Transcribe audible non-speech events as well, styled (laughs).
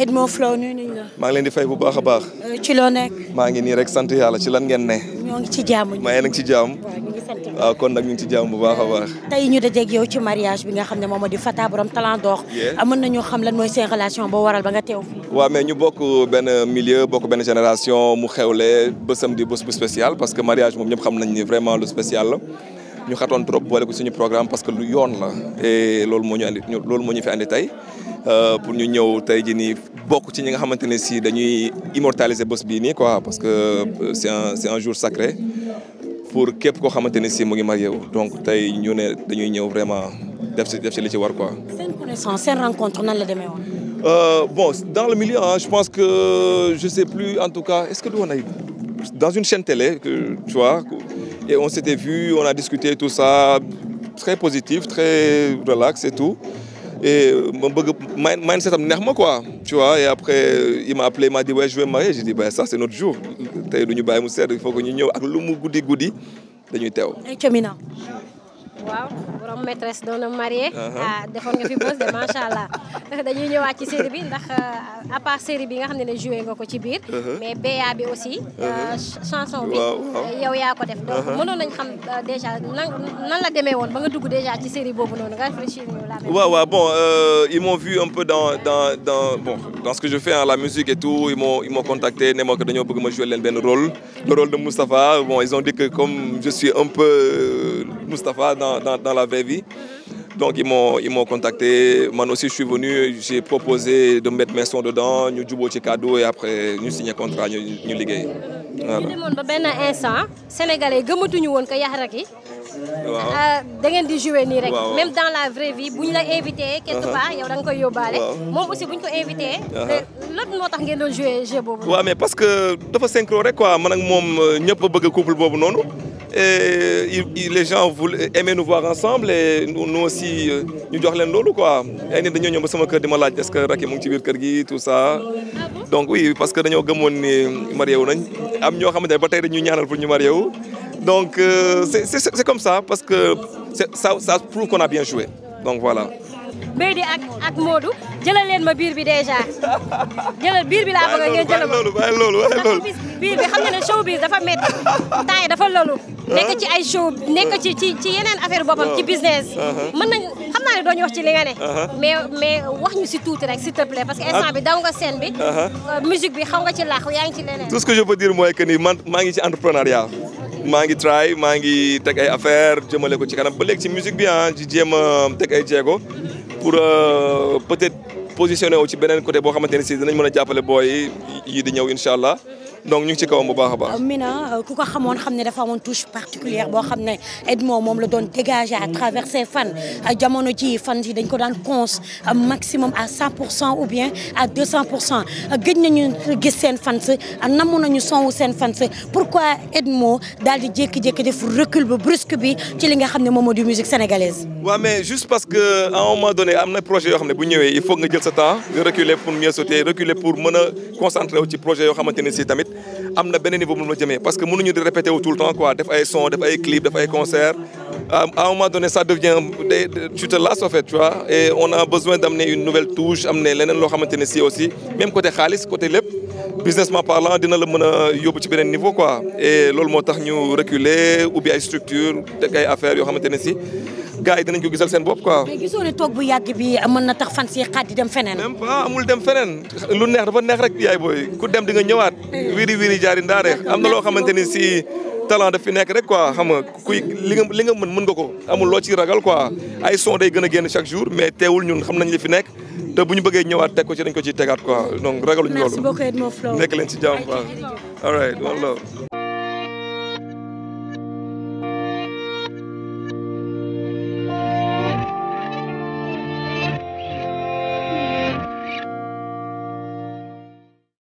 Edmo Flow maa ngi leen di fey bu baax a baax. Euh, ci loo nekk. maa ngi nii rek sant yàlla ci lan ngeen ne. ñoo ngi ci jàmm. maa ngi ci jàmm. waaw kon nag ñu ngi ci jàmm bu baax a baax. tey ñu dajeeg yow ci mariage bi nga xam ne moom di Fata borom talent d'or. Ah, mën nañoo xam lan mooy seen relation boo waral ba nga teew fii. waaw mais ñu bokk benn milieu bokk benn génération mu xewle bésam di bés bu spécial parce que mariage moom ñëpp xam nañ ni vraiment lu spécial la. ñu xatoon trop boole ko suñu programme parce que lu yoon la loolu moo ñu andi loolu moo ñu fi andi euh, pour ñu ñëw tey ji nii bokk ci ñi nga xamante ne si dañuy immortaliser bés bii nii quoi parce que euh, c'est un c'est un jour sacré pour képp koo xamante ne si mu ngi marié wu donc tey ñu ne dañuy ñëw vraiment def ci li ci war quoi. seen connaissance seen rencontre nan la euh, dans le milieu ah je pense que je sais plus en tout cas est-ce que du woon ay dans une chaîne télé que et on s'était vu on a discuté tout ça très positif très relax et tout. Et man, c'est nerveux quoi, tu vois. Et après, il m'a appelé, il m'a dit, ouais, je vais me marier. J'ai dit, bah, ça, c'est notre jour. Il faut que nous nous goudi goudi. Et tu es waaw borom maîtresse doon na marié. Uh-huh. Ah, nga fi bës de macha (laughs) dañuy ñëwaat ci série bi ndax euh, à part série bi nga xam ne ne joué nga ko ci biir. Uh-huh. mais BA bi aussi. Euh, uh-huh. chanson bi yow ko def. donc mënoon nañ xam euh, dèjà nan la demee woon ba nga dugg dèjà ci série boobu noonu nga réfléchir ñu la. waaw bon ils m'ont un peu dans dans dans que je fais hein, la musique et tout ils m'ont ils m'ont dañoo bëgg ma jouer benn rôle. le rôle de Moustapha ils ont dit que comme je Mustapha dans, dans, dans la vraie vie. Donc ils m'ont ils m'ont contacté. Moi aussi je suis venu, j'ai proposé de mettre mes sons dedans, ñu jubóo ci cadeau et après ñu signé contrat ñu ñu liggéey. Voilà. Ñu demoon ba benn instant sénégalais gëmatuñu woon que Yaxaraki. Waaw. Ah, di jouer nii rek. Même dans la vraie vie bu ñu la invité quelque uh-huh. part yow da nga koy yóbbaale. Moom aussi bu ñu ko invité. Uh-huh. Lan moo tax ngeen doon jouer boobu. Waaw euh, boobu noonu. et euh, les gens voulaient aimer nous voir ensemble et nous aussi euh, ñu jox leen loolu quoi ay nit dañoo ñëw ba sama kër di ma laaj est-ce que Racky ngi ci biir kër gi tout ça ah donc oui parce que dañoo gëmoon ni marié wu nañ am ñoo xam ne ba tey rek ñu ñaanal pour ñu marié donc euh, c'est comme ça parce que ça ça prouve qu'on a bien joué donc voilà. Bédi ak ak jëlal leen ma biir bi déjà jëlal biir bi laa bëgg ngeen loolu waaye loolu biir bi xam nga ne showbiz dafa métti temps dafa loolu nekk ci ay show nekk ci ci ci yeneen affaire boppam ci ah. business ah, ah. mën nañ xam naa ne doo ñu wax ci li nga ne mais mais wax ñu si tuuti rek s'il te plaît parce que instant bi daw nga scène bi euh, musique bi xaw nga ci laax yaa ngi ci leneen tout ce que je peux dire mooy que ni man maa ngi ci entrepreneuriat maa ngi try maa ngi teg ay affaire jëmale ko ci kanam ba léegi ci musique bi ah di jéem a teg ay jéego pour euh, peut-être positionné wu ci beneen côté boo xamante ne si dinañ mën a jàppale booy yi di ñëw incha allah. donc ñu ngi ci kawam bu baax a baax. Mina ku ko xamoon xam ne dafa amoon touche particulière boo xam ne Edmo moom la doon dégager à travers ses fans jamono ji fans yi dañ ko daan cons maximum à 100 pour cent ou bien à 200 pour cent gëj nañu gis seen fans namu nañu sonwu seen fans pourquoi Edmo daal di jékki-jékki def recul bu brusque bi ci li nga xam ne moom moo di musique sénégalaise. waaw mais juste parce que à un moment donné am na projet yoo xam ne bu ñëwee il faut nga jël sa temps nga reculer pour mieux sauter reculer pour projet yoo xamante ne si tamit. am na beneen niveau bu ma jëmee parce que mënuñu di répéter wu tout le temps def ay son def ay clip def ay concert euh, à un moment donné ça devient day tu te on a besoin d'amener une nouvelle touche amener leneen loo xamante ne si aussi même côté xaalis côté lépp businessment parlant dina la mën a yóbbu ci beneen niveau quoi et loolu moo tax ñu reculer ubbi ay structure de ay affaires yoo xamante ne si gars yi dinañ ko gisal seen bopp quoi. mais gisoo ne toog bu yàgg bi mën na tax fan si xaat di dem feneen. même pas amul dem feneen lu neex dafa neex rek yaay booy ku dem di ñëwaat. wiiri wiiri jaari ndaare am na loo xamante ni si. talent daf fi nekk rek quoi xam nga kuy li nga li nga mën mën nga ko amul loo ci ragal quoi ay son day gën a génn chaque jour mais teewul ñun xam nañ li fi nekk te bu ñu bëggee ñëwaat teg ko ci dañ ko ciy tegaat quoi donc ragaluñ loolu. nekk leen ci jàmm quoi all right one